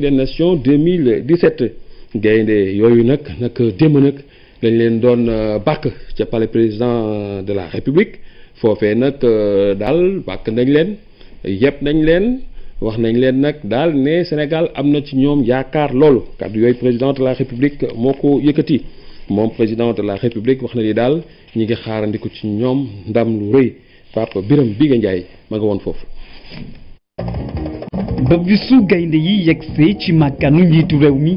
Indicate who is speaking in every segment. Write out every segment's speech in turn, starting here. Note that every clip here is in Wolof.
Speaker 1: des nations 2017 gaynde yooyu nag nag démb nag dañ leen doon euh, bàkk ca palais président euh, de la république foofee nag euh, daal bàkk nañ leen yëpp nañ leen wax nañ leen nag daal ne Sénégal am na ci ñoom yaakaar loolu kàddu yooyu président de la république moo ko yëkkati moom président de la république wax na ni daal ñi ngi xaarandiku ci ñoom ndam lu rëy Pape Birame Biga Ndiaye ma nga woon foofu.
Speaker 2: ba bisu gaynde yi yegsee ci màgganu njiitu réew mi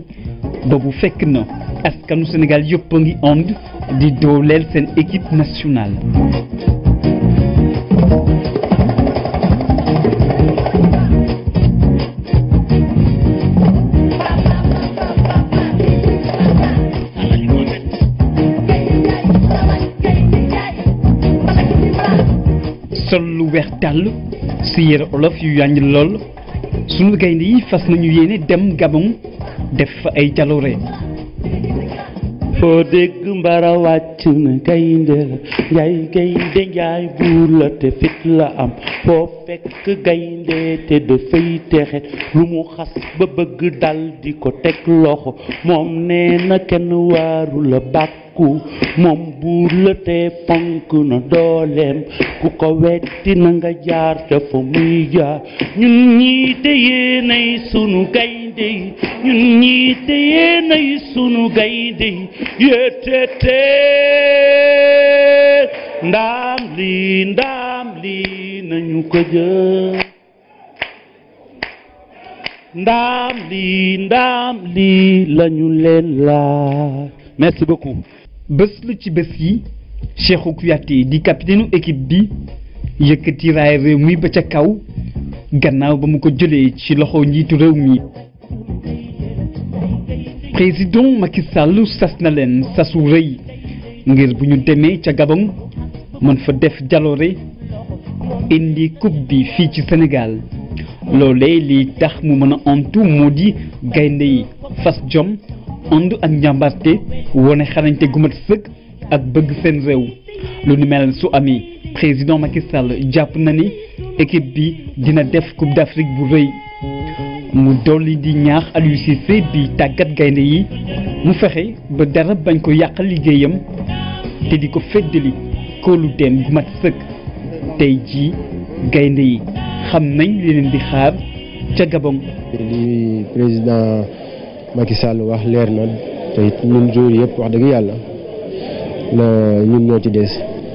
Speaker 2: boobu fekk na askanu Sénégal yëpp a ngi ond di dooleel seen équipe nationale dàll si yére olof yu yànj lool sunu gaynde yi fas nañu yéene dem Gabon def fa ay jaloore foo dégg
Speaker 3: mbara wàcc na gaynde la njaay gaynde njaay buur la te fit la am foo fekk gaynde te dafay texe lu mu xas ba bëgg dal di ko teg loxo moom nee na kenn waaru la bàkk ku moom buur la ponk na dooleem ku ko wetti na nga jaar ca fa muy jaar ñun ñii te yéenay sunu gaynde yi ñun ñii te yéenay sunu gaynde yi yéetété lii ndaam lii nañu ko jël ndaam lii lañu leen laaj merci
Speaker 2: bés la ci bés yi Cheikhou Kouyaté di capitaine équipe bi yëkkati raay réew mi ba ca kaw gannaaw ba mu ko jëlee ci loxo njiitu réew mi président Macky Sall sas na leen sasu rëy ngir bu ñu demee ca Gabon mën fa def jaloore indi coupe bi fii ci Sénégal loolee li tax mu mën a antu moo di gaynde yi fas jom ànd ak njàmbaarte wone xarañte gu sëkk ak bëgg seen réew lu ni mel su amee président Macky jàpp na ni équipe bi dina def coupe d'Afrique bu rëy mu dolli di ñaax Aliou Cissé bi tàggat gaynde yi mu fexe ba dara bañ ko yàq liggéeyam te di ko feddali koolu teen gu mat sëkk tey jii gaynde yi xam nañ li leen di xaar ca Gabon.
Speaker 4: Macky Sall wax leer na te it ñun jour yëpp wax dëgg yàlla na ñun ñoo ci des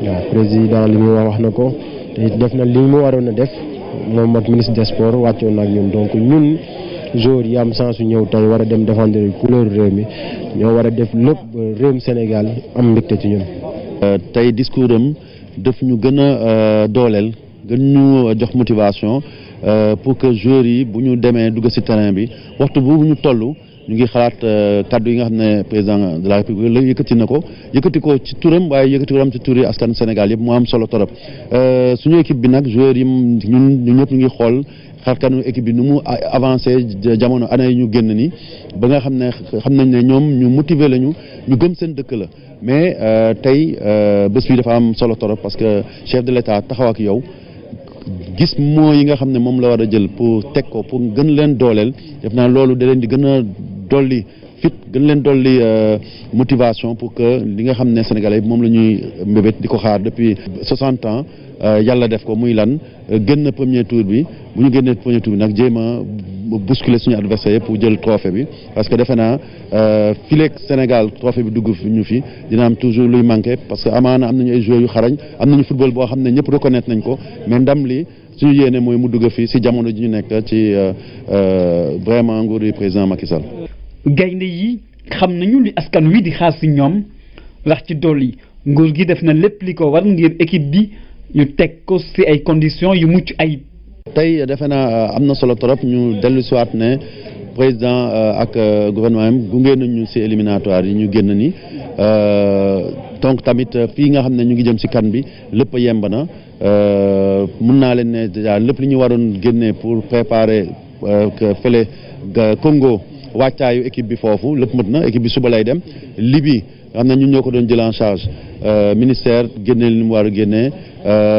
Speaker 4: waaw président li muy wax wax na ko te def na li mu waroon a def moom ak ministre des sports wàccoon na ak ñun donc ñun jour yi am chance su ñëw tey war a dem défendre couleur réew mi ñoo war a def lépp réewum Sénégal am mbégte ci ñun.
Speaker 5: Euh, tey discours am daf ñu gën a euh, dooleel gën ñu jox motivation euh, pour que joueurs yi bu ñu demee dugg ci terrain bi waxtu bu ñu toll. ñu ngi xalaat euh, kaddu yi nga xam ne président de la république la yëkkati na ko yëkkati ko ci turam waaye yëkkati ko am ci turi askan Sénégal yëpp mu am solo torop euh, suñu équipe bi nag joueurs yi ñun ñun ñëpp ñu ngi xool xarkanu équipe bi nu mu avancé jamono année yi ñu génn nii ba nga xam ne xam nañ ne ñoom ñu motiver lañu ñu gëm seen dëkk la mais euh, tey bés bi dafa am solo torop parce que chef de l'État taxaw ak yow. gis moo yi nga xam ne moom la war a jël pour teg ko pour gën leen dooleel def naa loolu da leen di gën a dolli fit gën leen dolli euh, motivation pour que li nga xam ne sénégalais bi moom la ñuy mbébét di ko xaar depuis 60 ans euh, yàlla def ko muy lan génn premier tour bi bu ñu génnee premier tour bi nag jéem a bousculer suñu adversaire pour jël trophée bi parce que defe naa euh, fileeg Sénégal trophée bi dugg fi ñu fi dina am toujours luy manqué parce que amaana am nañu ay joueurs yu xarañ am nañu football boo xam ne ñëpp reconnaître nañ ko mais ndam li suñu yéene mooy mu dugg fii si jamono ji ñu nekk ci euh, euh, vraiment nguur yi président Macky Sall.
Speaker 2: gaynde yi xam nañu li askan wi di xaar si ñoom rax ci dool yi nguur gi def na lépp li ko war ngir équipe bi ñu teg ko si ay conditions yu mucc ayib.
Speaker 5: tey defe naa euh, am na solo trop ñu dellu si ne. président ak gouvernement am gunge nañ ñu ci éliminatoire yi ñu génn ni donc tamit euh, fii nga xam ne ñu ngi jëm si kan bi lépp yemb na euh, mun naa leen ne déjà lépp li ñu waroon génnee pour préparer euh, fële Congo wàccaayu équipe bi foofu lépp mët na équipe bi suba lay dem Libye xam ne ñun ñoo ko doon jël en charge ministère génnee li mu war a génnee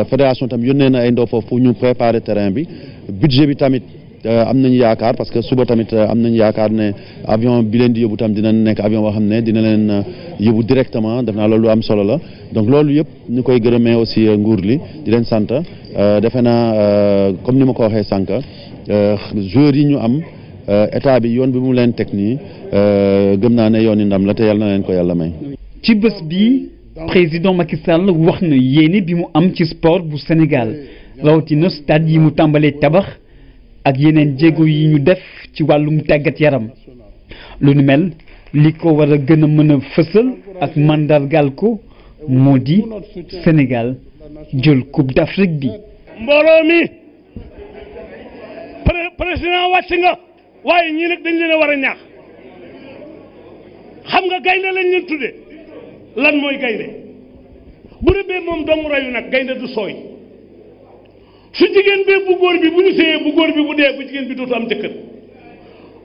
Speaker 5: fédération tamit yónnee na ay ndaw foofu ñu préparer terrain bi budget bi tamit. Euh, am nañu yaakaar parce que suba tamit euh, am nañu yaakaar ne avion bi leen di yóbbu tam dina nekk avion boo xam ne dina leen euh, yóbbu directement def naa loolu am solo la donc loolu yëpp ñu koy gërëmee aussi nguur li di leen sant defe naa comme ni ma ko waxee sànq joueurs yi ñu am état bi yoon bi mu leen teg nii gëm naa ne yoon i ndam la te yàlla na leen ko yàlla may. ci bés
Speaker 2: bi président Macky wax na yéene bi mu am ci sport bu Sénégal rawatina stade yi mu tàmbalee tabax. ak yeneen jéego yi ñu def ci wàllum tàggat yaram lu nu mel li ko war a gën a mën a fësal ak mandargal ko moo di Sénégal jël coupe d'Afrique bi.
Speaker 3: mbooloo mi président wàcc nga waaye ñii nag dañ leen a war a ñaax xam nga gaynde lañ leen tudde lan mooy gaynde bu rëbbee moom doomu rayu nag gaynde du sooy. su jigéen bee bu góor bi bu ñu séyee bu góor bi bu dee bu jigéen bi dootu am jëkkër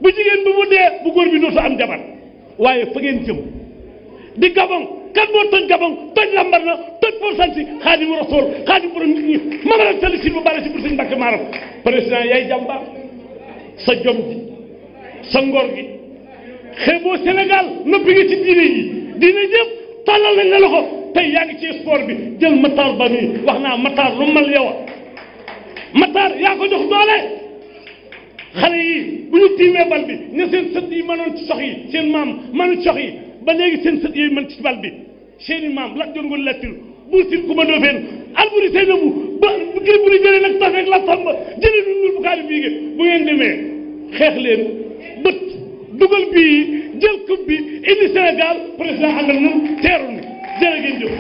Speaker 3: bu jigéen bi bu dee bu góor bi dootu am jabar waaye fa ngeen jëm di gabon kan moo toj gabon toj lambar na toj pour sant xaadimu rasool xaadim borom nit ma mamara sali si bu bare si pour sëñ yaay jàmbaar sa jom sa ngor gi xeeboo Sénégal noppi nga ci diine yi diine yëpp tàllal nañ la loxo tey yaa ngi ci sport bi jël Matar ba nii wax naa Matar lu mal yow Matar yaa ko jox doole xale yi bu ñu tiimee bal bi seen sët yi mënoon ci sox yi seen maam mënoon ci sox ba léegi seen sët yi mën ci bal bi seen i maam laaj doon nga lattir buur ku ma doofeen alburi sey na bu ba ngir bu ñu jëlee nag tax rek la fam ba jëlee lu bu kaari bii ngi bu ngeen demee xeex leen bët dugal bii jël coupe bi indi Sénégal président àndal moom teeru ni jërë ngeen jëf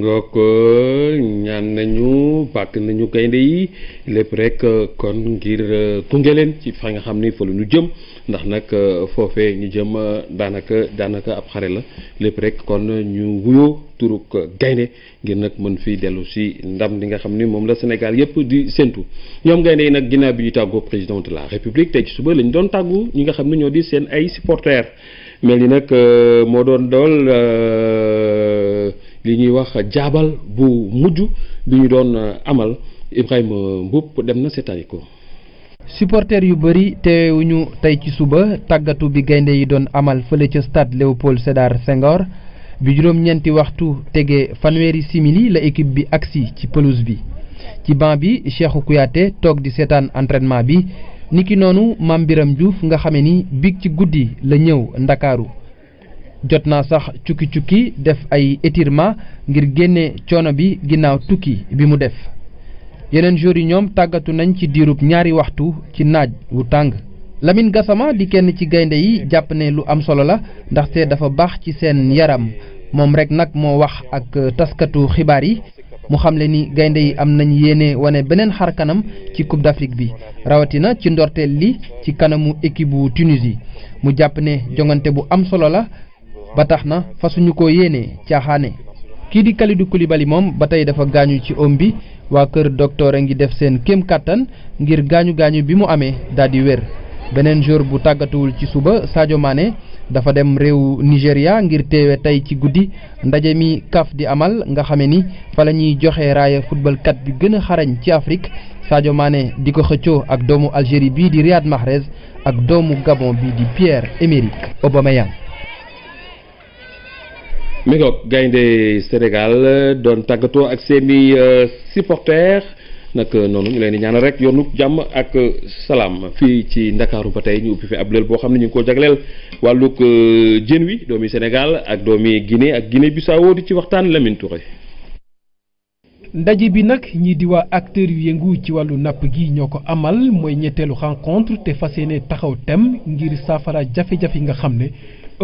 Speaker 1: ngook ñaan nañu bàkk nañu gaynde yi lépp rek kon ngir gunge leen ci fa nga xam ni fa lu ñu jëm ndax nag foofe ñu jëm daanaka daanaka ab xare la lépp rek kon ñu wuyoo turuk gaynde ngir nag mën fi dellu si ndam li nga xam ni moom la Sénégal yëpp di séntu ñoom gaynde yi nag ginnaaw bi ñu tàggoo président de la république tey ci suba lañu doon tàggu ñi nga xam ne ñoo di seen ay supporters mel ni nag moo doon dool euh, li ñuy wax jaabal bu mujj bi ñu doon euh, amal Ibrahima Mboup dem na seetaani ko
Speaker 6: supporters yu bëri ñu tey ci suba tàggatu bi gaynde yi doon amal fële ca stade Léopold Sédar Senghor bi juróom-ñeenti waxtu tege fanweeri simili la équipe bi agsi ci pelouse bi ci banc bi Cheikhou Kouyaté toog di seetaan entraînement bi niki noonu maam Biram Diouf nga xame ni biig ci guddi la ñëw Ndakaaru jot naa sax cukki cukki def ay étirement ngir génne coono bi ginnaaw tukki bi mu def yeneen jour yi ñoom tàggatu nañ ci diirub ñaari waxtu ci naaj wu tàng Lamine Gassama di kenn ci gaynde yi jàpp ne lu am solo la ndaxte dafa baax ci seen yaram moom rek nag moo wax ak taskatu xibaar yi mu xamle ni gaynde yi am nañ yéene wane beneen xar kanam ci Coupe d'Afrique bi rawatina ci ndorteel li ci kanamu équipe bu Tunisie mu jàpp ne jongante bu am solo la ba tax na fasuñu ko yéene caaxaane kii di Kalidou Koulibaly moom ba tey dafa gaañu ci om bi waa kër docteur a ngi def seen kéem kàttan ngir gaañu gaañu bi mu amee daal di wér beneen jour bu tàggatuwul ci suba Sadio maane dafa dem réew Nigéria ngir teewe tey ci guddi ndaje mi CAF di amal nga xame ni fa ñuy joxe raaya footballkat bi gën a xarañ ci Afrique Sadio Mané di ko xëccoo ak doomu Algérie bii di Riyad Mahrez ak doomu Gabon bi di Pierre-Emerick
Speaker 1: mi ngoog gaynde Sénégal euh, doon tàggatoo ak seeni euh, supporters nag euh, noonu ñu leen di ñaan rek yoonu jàmm ak salaam fii ci ndakaaru ba tey ñu ubbi fi ab lël boo xam ne ñu ngi ko jagleel wàllug jën wi doomi Sénégal ak doomi Guinée ak Guinée Bissau di ci waxtaan Lamine Touré.
Speaker 6: ndaje bi nag ñii di waa acteurs yu yëngu ci wàllu napp gi ñoo ko amal mooy ñetteelu rencontre te fas yéene taxaw tem ngir saafara jafe-jafe yi nga xam ne.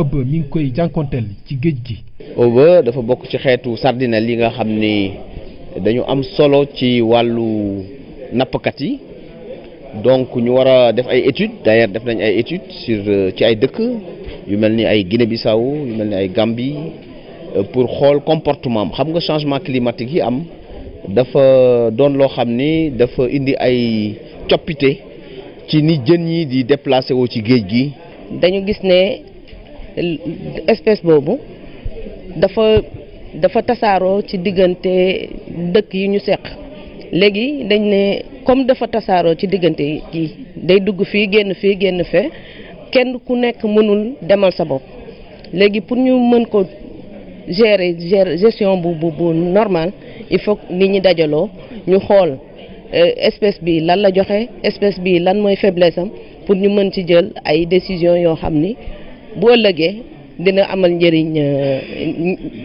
Speaker 6: ëbb mi ngi koy jànkonteel ci géej gi.
Speaker 7: ëbb dafa bokk ci xeetu sardinelle yi nga xam ni dañu am solo ci wàllu nappkat yi donc ñu war a def ay études d'ailleurs def nañ ay études sur euh, ci ay dëkk yu mel ni ay Guinée-Bissau yu mel ni ay Gambie euh, pour xool comportement am xam nga changement climatique yi am dafa doon loo xam ni dafa indi ay coppite ci ni jën yi di déplacé woo ci géej gi.
Speaker 8: dañu gis ne. espèce boobu dafa dafa tasaaroo ci diggante dëkk yi ñu seq léegi dañ ne comme dafa tasaaroo ci diggante yi day dugg fii génn fii génn fe kenn ku nekk mënul demal sa bopp léegi pour ñu mën ko gérer gestion bu bu normal il faut ni ñi dajaloo ñu xool euh, espèce bi lan la joxe espèce bi lan mooy faiblesse am pour ñu mën ci jël ay décision yoo xam ni bu ëllëgee dina amal njëriñ euh,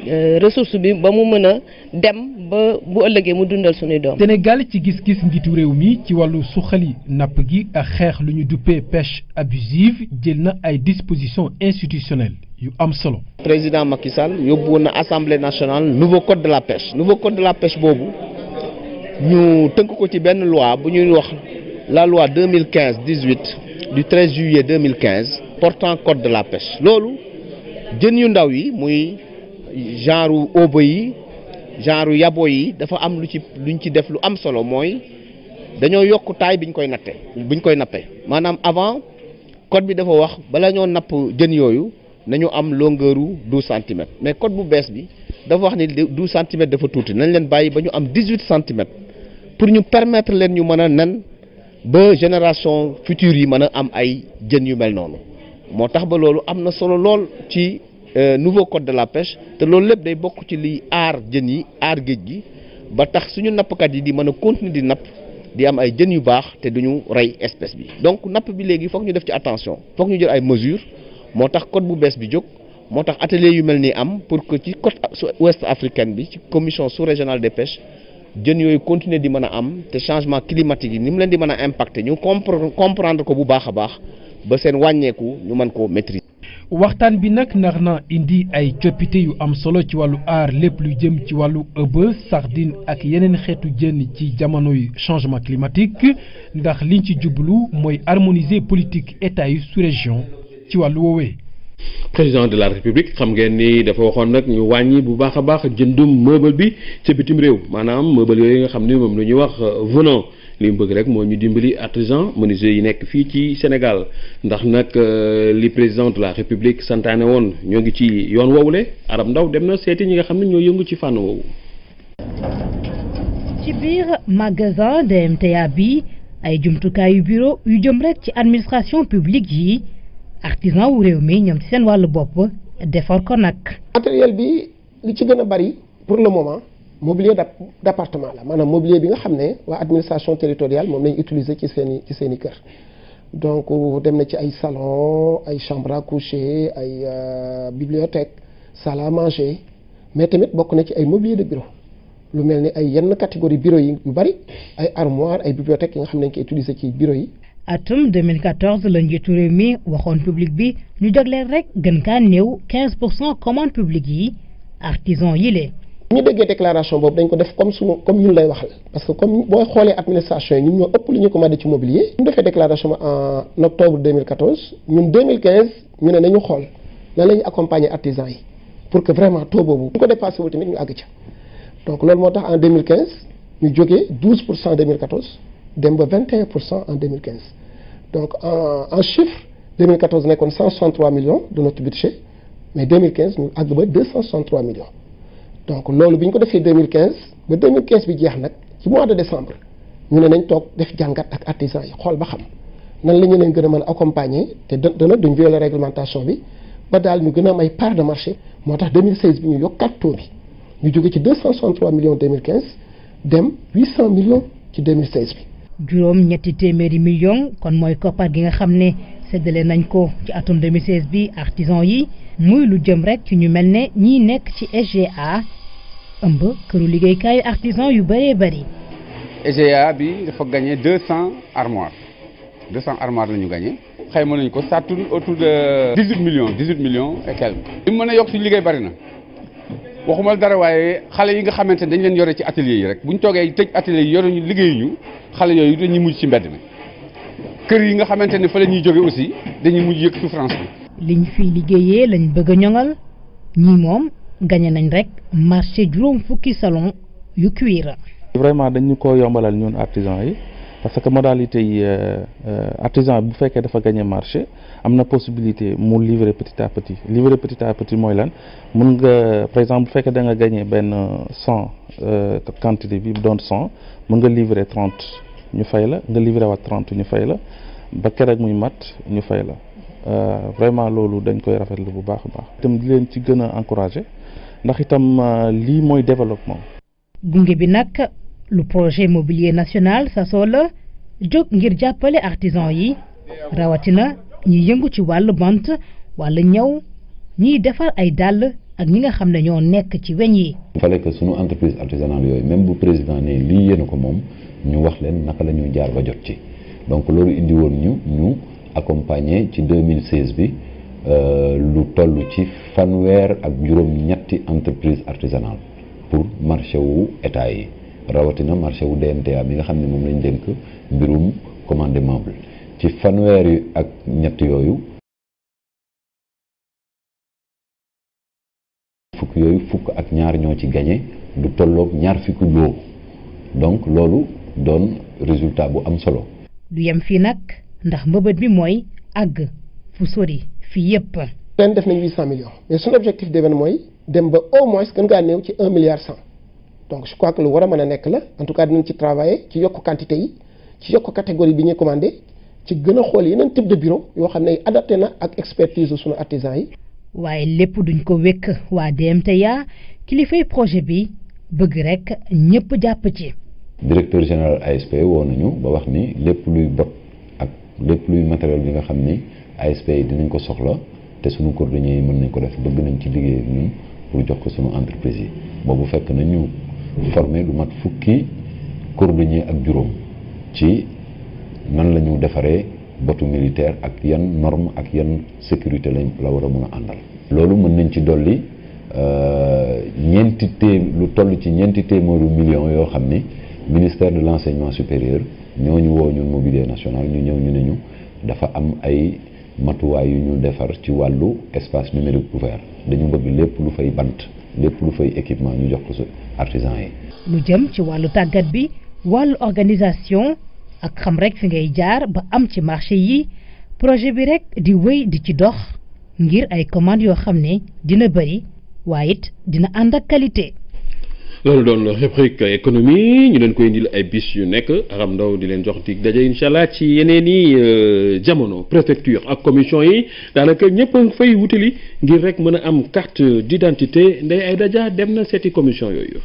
Speaker 8: euh, ressource bi ba mu mën a dem ba bu ëllëgee mu dundal suñuy doom.
Speaker 6: Sénégal ci gis-gis njiitu réew mi ci wàllu suxali napp gi ak xeex lu ñu duppee pêche abusive jël na ay dispositions institutionnelles yu am solo.
Speaker 7: président Macky Sall yóbbu woon na assemblée nationale nouveau code de la pêche nouveau code de la pêche boobu ñu tënk ko ci benn loi bu ñuy wax la loi deux mille quinze dix huit du treize juillet deux mille quinze portant code de la pêche loolu jën yu ndaw yi muy genre obo yi genre yabo yi dafa am lu ci lu luñ ci def lu am solo mooy dañoo yokk taay ñu koy natte biñ koy nappe maanaam avant code bi dafa wax bala ñoo napp jën yooyu nañu am longueur u douze centimètres mais code bu bees bi dafa wax ni douze centimètres dafa tuuti nañ leen bàyyi ba ñu am dix-huit centimètres pour ñu permettre leen ñu mën a nen ba génération future yi mën a am ay jën yu mel noonu moo tax ba loolu am na solo lool ci euh, nouveau code de la pêche te loolu lépp day bokk ci li aar jën yi aar géej gi ba tax suñu nappkat yi di mën a continuer di napp di am ay jën yu baax te duñu rey espèce bi donc napp bi léegi foog ñu def ci attention foog ñu jël ay mesures moo tax code bu bees bi jóg moo tax atelier yu mel ni am pour que ci su west africaine bi ci commission sous-régionale des pêches jën yooyu continuer di mën a am te changement climatique yi ni mu leen di mën a impacter ñu comprendre ko bu baax a baax ba seen wàññeeku ñu mën koo maîtriser.
Speaker 6: waxtaan bi nag ndax na indi ay coppite yu am solo ci wàllu aar lépp lu jëm ci wàllu ëbb sardine ak yeneen xeetu jën ci jamonoy changement climatique ndax li ci jublu mooy harmoniser politique état yu sous-région ci wàllu woowee.
Speaker 1: président de la république xam ngeen ni dafa waxoon nag ñu wàññi bu baax a baax jëndum meuble bi ca bitim réew maanaam meuble yooyu nga xam ne moom la ñuy wax euh, venant li mu bëgg rek moo ñu dimbali artisan menuisier yi nekk fii ci Sénégal ndax nag euh, li président de la république santaane woon ñoo ngi ci yoon woowule Arab Ndaw dem na seeti ñi nga xam ne ñoo yëngu ci fànn woowu.
Speaker 8: ci biir magasin DMTA bi ay jumtukaayu bureau yu jëm rek ci administration publique yi. artisan wu réew mi ñoom ci seen wàllu bopp defar ko nag. matériel bi li ci gën a bari pour le
Speaker 4: moment mobilier d'appartement la maanaam mobilier bi nga xam ne waa administration territoriale moom nañ utiliser ci seen ci seen i kër. donc dem na ci ay salon ay chambre à coucher ay euh, bibliothèque salle à manger mais tamit bokk na ci ay mobilier de bureau lu mel ni ay yenn catégorie bureau yi yu bari ay armoire ay bibliothèque yi nga xam ne dañ
Speaker 8: koy utiliser ci bureau yi. atum 2014 la njiitu réew mi waxoon public bi ñu jagleel rek gën kaa néew pour cent commande publique yi artisan yi lee ñu
Speaker 4: déggee déclaration boobu dañ ko def comme suñu comme ñun lay waxal parce que comme boo xoolee administration yi ñun ñoo ëpp lu ñu ñu defee déclaration en octobre 2014 ne nañu xool la ñu accompagner artisan yi pour que vraiment taux boobu bu ko dépassé wul ñu àgg ca donc loolu moo tax en 2015 ñu jógee 12 pour cent 2014 dem ba 21 pour cent en donc en en chiffre 2014 nekkoon 163 millions de notre budget mais 2015 ñu àgg ba 263 millions donc loolu bi ñu ko defee 2015 ba 2015 bi jeex nag ci mois de décembre ñu ne nañ toog def jàngat ak artisans yi xool ba xam nan la ñu leen gën a mën a accompagner te dana duñ violer réglementation bi ba daal ñu gën a may part de marché moo tax 2016 bi ñu yokkaat taux bi ñu jóge ci 263 millions 2015 dem 800 millions ci 2016 bi.
Speaker 8: juróom ñetti téeméeri million kon mooy koppar gi nga xam ne séddale nañ ko ci atum 2016 bi artisan yi muy lu jëm rek ci ñu mel ne ñiy nekk ci SGA ëmb këru liggéeykaayu artisan yu bëree bëri.
Speaker 1: SGA bi dafa gagné 200 armoires 200 armoires la ñu gagné ma nañ ko ça tourne autour de 18 millions 18 millions et quelques. li mën a yokk suñu liggéey bari waxumal dara waaye xale yi nga xamante ne dañ leen yore ci atelier yi rek bu ñu toogee tëj atelier yi yore ñu liggéey ñu xale yooyu dañuy mujj ci mbedd mi kër yi nga xamante ne fa la ñuy jóge aussi dañuy mujj yëkkatu France bi.
Speaker 8: liñ fiy liggéeyee lañ bëgg a ñoŋal ñii moom gañe nañ rek marché juróom fukki salon yu cuir.
Speaker 1: vraiment dañ ñu ko yombalal ñun artisans yi. parce que modalité yi euh, euh, artisan bu fekkee dafa gañee marché am na possibilité mu livrer petit à petit livrer petit à petit mooy lan mun nga par exemple bu fekkee da nga gagné benn cent euh, quantité bi doon cent mun nga livrer trente ñu fay la nga livrer waat trente ñu fay la ba keroog muy mat ñu fay la vraiment loolu dañ koy rafetlu bu baax a baax. itam di leen ci gën a encouragé ndax itam lii mooy développement.
Speaker 8: gunge bi nag. lu projet immobilier national sasoo la jóg ngir jàppale artisan yi rawatina ñiy yëngu ci wàll bant wala ñëw ñiy defar ay dàll ak ñi nga xam ne ñoo nekk ci weñ yi.
Speaker 9: il que sunu entreprise artisanale yooyu même bu président ne lii yéen ko moom ñu wax leen naka la ñuy jaar ba jot ci donc loolu indi woon ñu ñu accompagner ci 2016 bi. Euh, lu toll ci fanweer ak juróom ñetti entreprise artisanale pour marché wu état yi rawatina marché wu DMTA bi nga xam ne moom lañ dénk mbirum commandement meuble ci fanweer yi ak ñett yooyu yooyu fukk ak ñaar ñoo ci gañe du tolloog ñaar fukki loo donc loolu doon résultat bu am solo
Speaker 8: du yem fii nag ndax mbëbët bi mooy àgg fu sori fii yépp
Speaker 4: ren def nañ 800 millions mais suñu objectif déwén mooy dem ba au moins gën ngaa néew ci 1 milliard 100 donc je crois que lu war a mën a nekk la en tout cas dinañ ci travailler ci yokk quantité yi ci yokk catégorie bi ñuy commandé ci gën a xool yeneen type de bureau yoo xam ne adapté na ak expertise suñu
Speaker 8: artisan yi. waaye lépp duñ ko wékk waa DMTA kilifay projet bi bëgg rek ñëpp jàpp ci.
Speaker 9: directeur général ASP woo nañu ba wax ni lépp luy bot ak lépp luy matériel bi nga xam ni ASP yi dinañ ko soxla te suñu coordonnées yi mën nañ ko def bëgg nañ ci liggéey jox ko suñu entreprise yi formé lu mat fukki cordonnier ak juróom ci nan la ñu defaree botu militaire ak yan norme ak yan sécurité lañ la war a mun a àndal. loolu mën nañ ci dolli euh, ñeenti téem lu toll ci ñeenti téeméeru millions yoo xam ni ministère de l' enseignement supérieur ñoo ñu woo ñun mobilier national ñu ñëw ñu ne ñu dafa am ay. matuwaay yu ñu defar ci wàllu espace numérique ouvert dañu bëgg lépp lu fay bant lépp lu fay équipement ñu jox ko sa artisan yi.
Speaker 8: lu jëm ci wàllu tàggat bi wàllu organisation ak xam rek fi ngay jaar ba am ci marché yi projet bi rek di wéy di ci dox ngir ay commandes yoo xam ne dina bëri waaye it dina ànd ak qualité.
Speaker 1: loolu doon rubrique économie ñu leen koy indil ay bis yu nekk aram ndaw di leen jox dig daje incha ci yeneeni i euh, jamono préfecture ak commission yi daanaka ñëpp fay wutali ngir rek mën a am carte d'identité Ndeye Aïda Dia dem na seeti commission yooyu.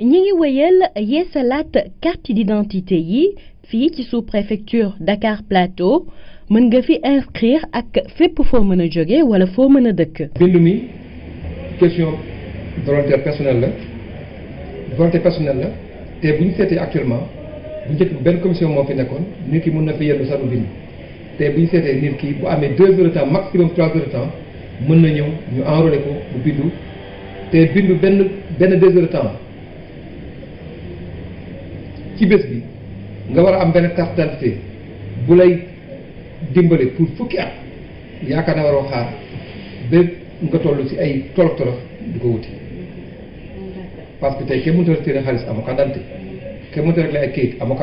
Speaker 8: ñi ngi wéyal yeesalaat carte d'identité yi fii ci sous-préfecture Dakar Plateau mën nga fi inscrire ak fépp foo mën a jóge wala foo mën a dëkk. bind mi
Speaker 6: question. volonté personnelle la volonté personnelle la te bu ñu seetee actuellement bu njëkk benn commission moo fi nekkoon nit ki mën na fi yendu sax du bind te bu ñu seetee nit ki bu amee deux de temps maximum trois heures de temps mën na ñëw ñu enrôler ko bu bindu te bindu benn benn deux heures de temps ci bés bi nga war a am benn carte d'identité bu lay dimbale pour fukki at yaakaar na waroo xaar ba nga toll ci ay tolof tolof di ko wuti parce que tey kenn mënut a kenn mënut a réglé ay kayit amoo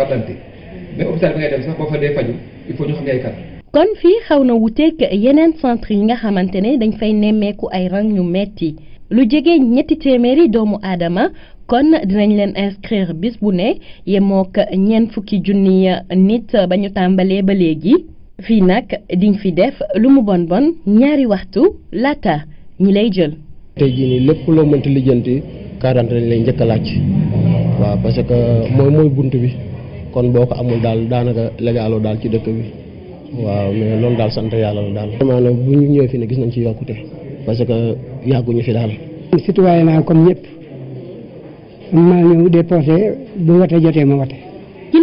Speaker 8: kon fii xaw na wuuteeg yeneen centre yi nga xamante ne dañ fay nemmeeku ay rang ñu metti lu jege ñetti téeméeri doomu aadama kon dinañ leen inscrire bis bu ne yemook ñeent fukki junni nit ba ñu tàmbalee ba léegi fii nag diñ fi def lu mu bon bon ñaari waxtu laata ñi lay jël.
Speaker 4: tey jii nii quarante lañ lay njëkk a laaj waaw parce que mooy mooy bunt bi kon boo ko amul
Speaker 7: daal daanaka légaloo daal ci dëkk bi waaw mais loolu daal sant yàlla la daal. vraiment nag bu
Speaker 4: ñu ñëwee fii ne gis nañ ci yokkute parce que yàgguñu fi daal. citoyen naa comme ñëpp
Speaker 8: maa ñëw déposé bu wote jotee ma wote.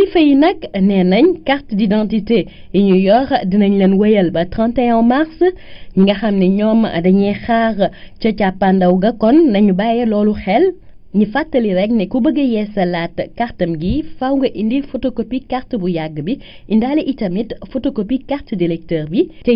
Speaker 8: kilifa yi nag nee nañ carte d'identité yi ñu yor dinañ leen wéyal ba 31 mars ñi nga xam ne ñoom dañuy xaar ca càppandaw ga kon nañu bàyyee loolu xel ñi fàttali rek ne ku bëgg a yeesalaat kartam gi faw nga indi photocopie carte bu yàgg bi indaale itamit photocopie carte directeur bi te